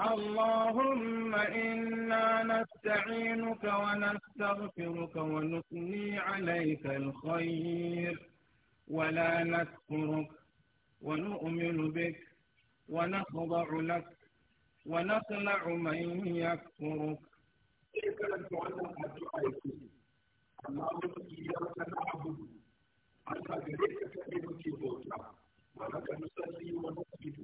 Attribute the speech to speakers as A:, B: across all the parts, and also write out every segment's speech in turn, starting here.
A: اللهم إنا نستعينك ونستغفرك ونثني عليك الخير ولا نذكرك ونؤمن بك ونخضع لك ونخلع من يكفرك
B: اللهم إياك نعبد أنت بريك كبيرك بوتا ولك ونسجد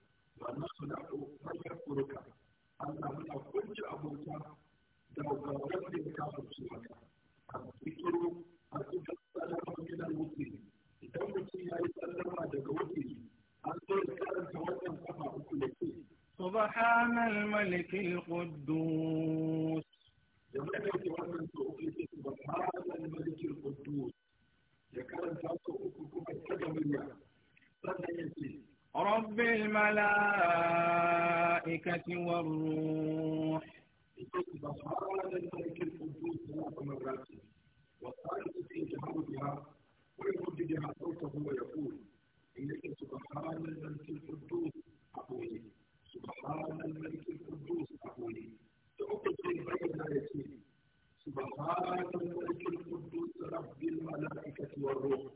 A: سلام الملك القدوس
B: سبحان الملك القدوس
A: رب الملائكة والروح
B: سبحان الملك القدوس صوته ويقول إنك سبحان الملك القدوس سبحان الملك القدوس أقولي فأقسم بين آيتين سبحان الملك القدوس رب الملائكة والروح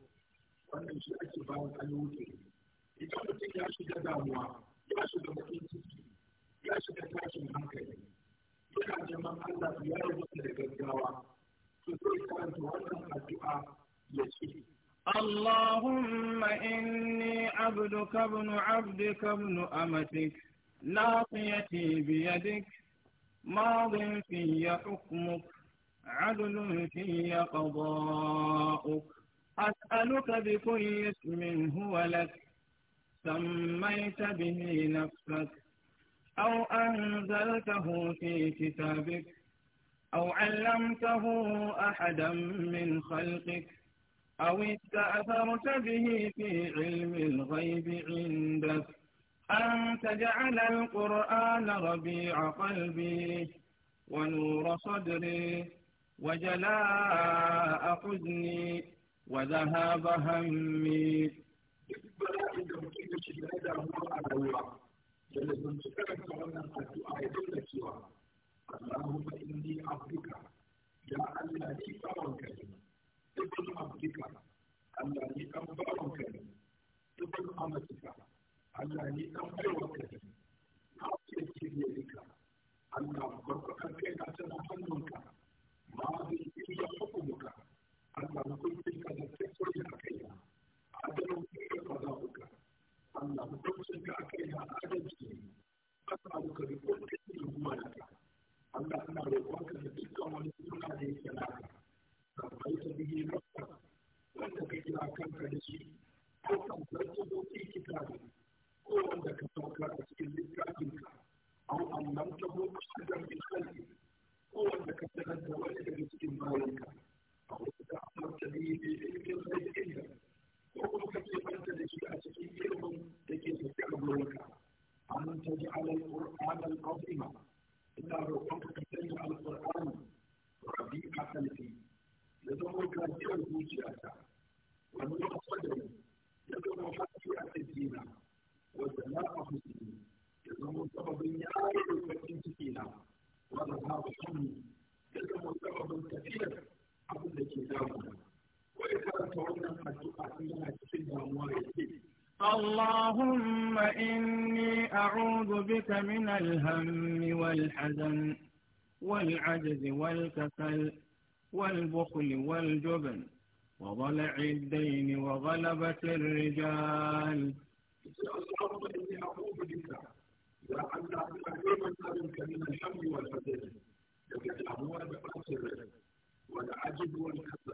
B: wannan shi ake bayan an yi idan mutum ya shiga damuwa ya shiga bakin ciki ya shiga tashin hankali yana neman Allah ya rubuta da gaggawa to sai addu'a ya
A: اللهم إني عبدك ابن عبدك ابن أمتك ناصيتي بيدك ماض في حكمك عدل في قضاؤك أسألك بكل اسم هو لك سميت به نفسك أو أنزلته في كتابك أو علمته أحدا من خلقك أو استأثرت به في علم الغيب عندك أن تجعل القرآن ربيع قلبي ونور صدري وجلاء حزني وذهاب همي
B: اللهم إني أرضيك يا الذي فرك ابن عبدك الذي أنبرك ابن أمتك Allah ne ɗan baiwa ka ne, ka ce ki biya duka, Allah barka kan kai na tana hannunka. عظيمة إنها روحك تسمع القرآن ربيع قلبي يدعو كثير الوجهات ونور صدري يدعو حتى أتدينا وزلاء حسني يدعو سبب يعرف الفتن سكينا وأظهار حمي يدعو سبب كثير أبو التي وإذا تولى قد تؤثرنا في الدموع
A: اللهم إن بك من الهم والحزن والعجز والكسل والبخل والجبن وضلع الدين وغلبة الرجال
B: سأسألك بك من الأموال والعجز والكسل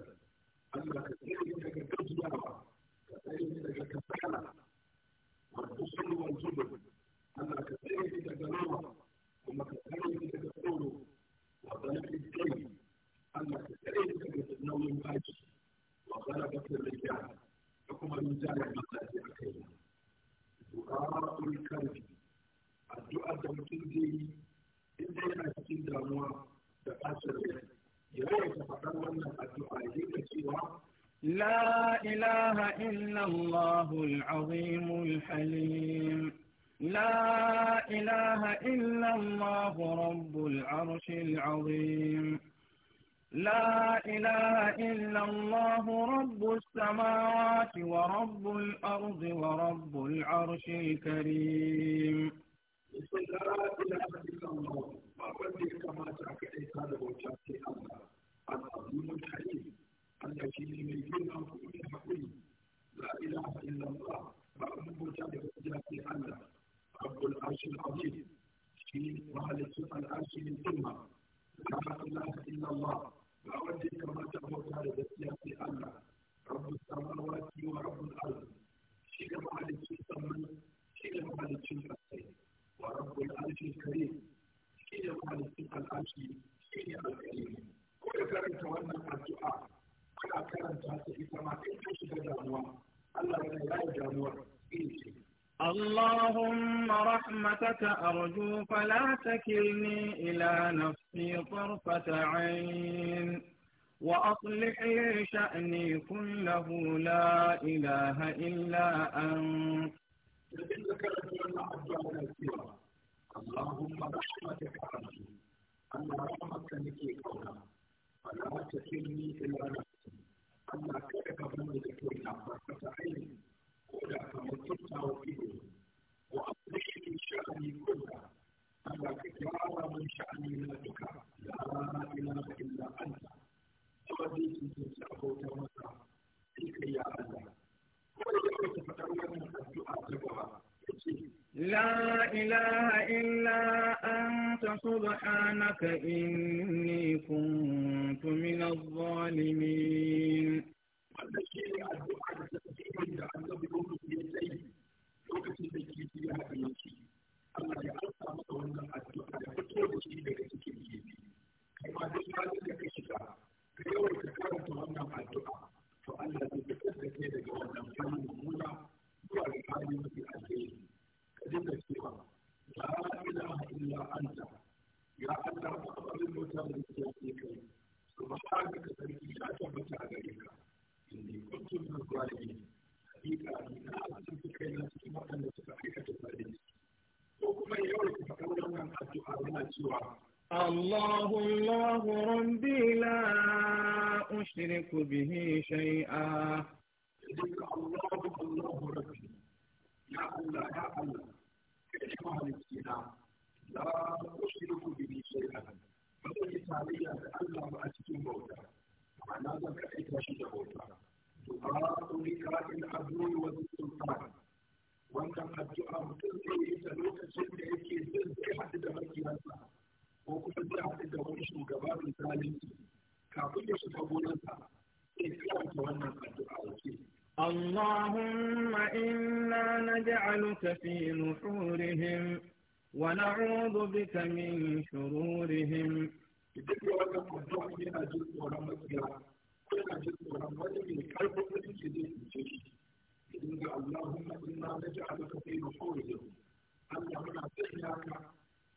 B: du'a'ul karfi addu'a da mutum zai yi in dai yana cikin damuwa da ɓacin rai ya yawaita faɗar wannan addu'a ya ka cewa
A: لا إله إلا الله العظيم الحليم لا إله إلا الله رب العرش العظيم لا إله إلا الله رب السماوات ورب الأرض ورب العرش الكريم
B: لا إله إلا الله كما الحليم الذي من لا إله إلا الله رب العرش العظيم العرش من لا إله إلا الله ba wanda ya kamata bauta da gaskiya sai Allah rabbul samawati wa rabbul ardi shi ga mahalicin sammai shi ga mahalicin kasai wa rabbul arshi karim shi ga mahalicin al'arshi shi ne alkarim ko da karanta wannan addu'a ana karanta ta ita ma kai ta shiga damuwa Allah ya yi damuwa, in ce.
A: اللهم رحمتك أرجو فلا تكلني إلى نفسي نفسي طرفة عين وأصلح لي شأني كله لا إله
B: إلا أنت فإنك لمن أجعل السيرة اللهم رحمتك أرجو أن رحمك لكي قولا فلا تكلني إلا نفسي أما كتب منك إلا طرفة عين ولا تمطرت وفيه وأصلح لي شأني كله على إكرار من شأننا بك لا إله إلا أنت أبديك تنسأه تمسى فيك يا الله وليس فتولى الدعاء تبعها لا إله إلا أنت سبحانك
A: إني كنت من الظالمين
B: الدعاء تسبيحا عن نبي يوسف يديه وكتب كيسيا في Allah ya ta maka wannan addu'a da fito da shi daga
A: الله الله ربي لا أشرك به شيئا
B: الله الله ربي يا الله يا الله كلمة لا أشرك به شيئا فليس علي الله وأتي موتا معناه كأيت شيء موتا دعاء لك العدو والسلطان وأنت قد تؤمن تلقي gonarsa ko kuma zai haɗu da wani shugaba mai zalunci kafin ya shiga gonarsa sai karanta wannan addu'a yake
A: اللهم إنا نجعلك في نحورهم ونعوذ بك من شرورهم duk
B: da wannan yana jin tsoron yana jin tsoron wani mai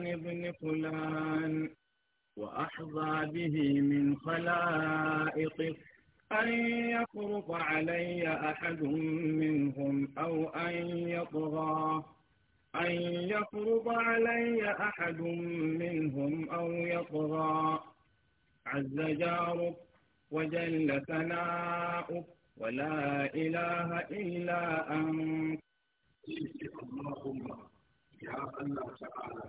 A: عن ابن فلان وأحظى به من خلائقه أن يفرض علي أحد منهم أو أن يطغى أن يفرض علي أحد منهم أو يطغى عز جارك وجل ثناؤك ولا
B: إله إلا أنت اللهم يا الله تعالى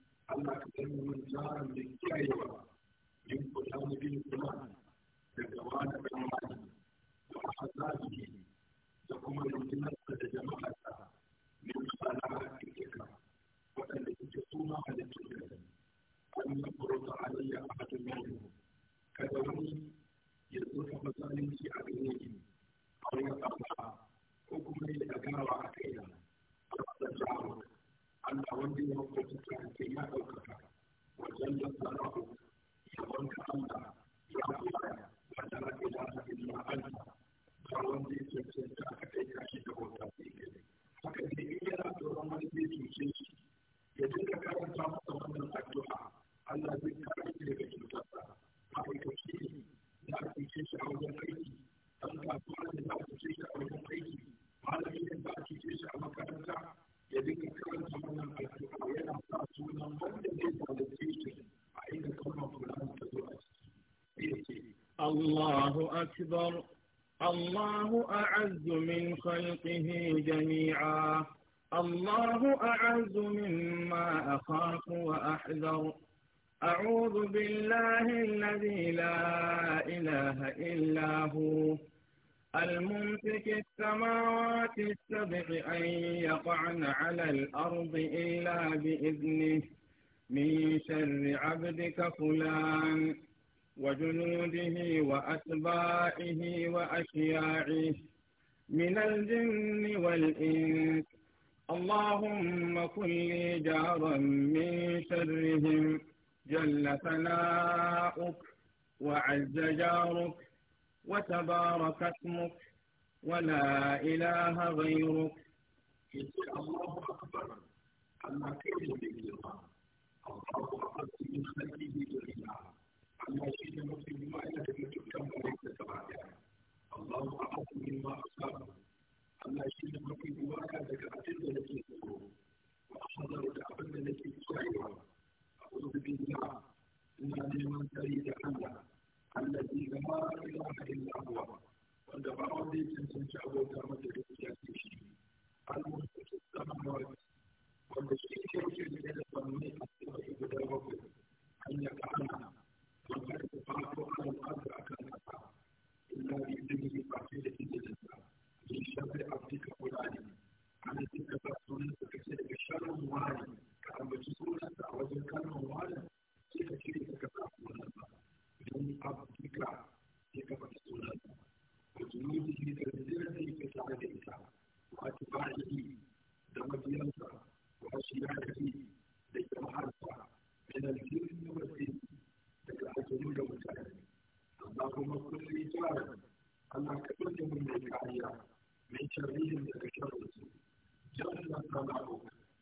B: Allah ka san mun jaran da kiyayewa yin kula da bin kula da gaba da kamar da hazaji da kuma rundunar da jama'a ta ne misalan hakika waɗanda suke suna a da tuka an yi furuta alayya a hadin yau kada wani ya zurfa masalinci a gare ni a wani ko kuma ya gawa a kai na? Allah wanda ya rubuta cikin ya ɗaukaka wajen da sarrafa ya wanka Allah ya kula ba da rafi da haɗin ma'anta ba wanda ya ta aka kai kashi da wata tsikiri. Haka ne in yana tsoron wani zai cuce shi ya ka karanta masa wannan addu'a Allah zai kare shi daga cutarsa. Ma'aikaci ne za a cuce shi a wajen aiki, ɗan kasuwa ne za a cuce shi a wajen aiki, malami ne za a cuce shi a makaranta, الله
A: أكبر الله أعز من خلقه جميعا الله أعز مما أخاف وأحذر أعوذ بالله الذي لا إله إلا هو الممسك السماوات السبع أن يقعن على الأرض إلا بإذنه من شر عبدك فلان وجنوده وأتباعه وأشياعه من الجن والإنس اللهم كن لي جارا من شرهم جل ثناؤك وعز جارك وتبارك اسمك ولا إله غيرك
B: يقول الله أكبر أما كيف باللقاء الله أكبر من خلقه جميعا أما ما يتم تكتم وليس الله أعظم مما أصابه أما شئت ما كانت أعتد التي تقول وأحضرت أبدا التي الله أعوذ بالله إنا لمن تريد الله الذي لا إله إلا هو والدبار دي تنسن شعبه كامل الاسياسي المنفق السماوات والذي يرجع إلى الظنين السماء بداره أن يقعنا وقد تقعت على الأرض أكلتها إلا بإذنه بعفية جلسة من شر عبدك فلان عن تلك فأسونك كسر الشر وعلي كأن بجسونك أعوذ reason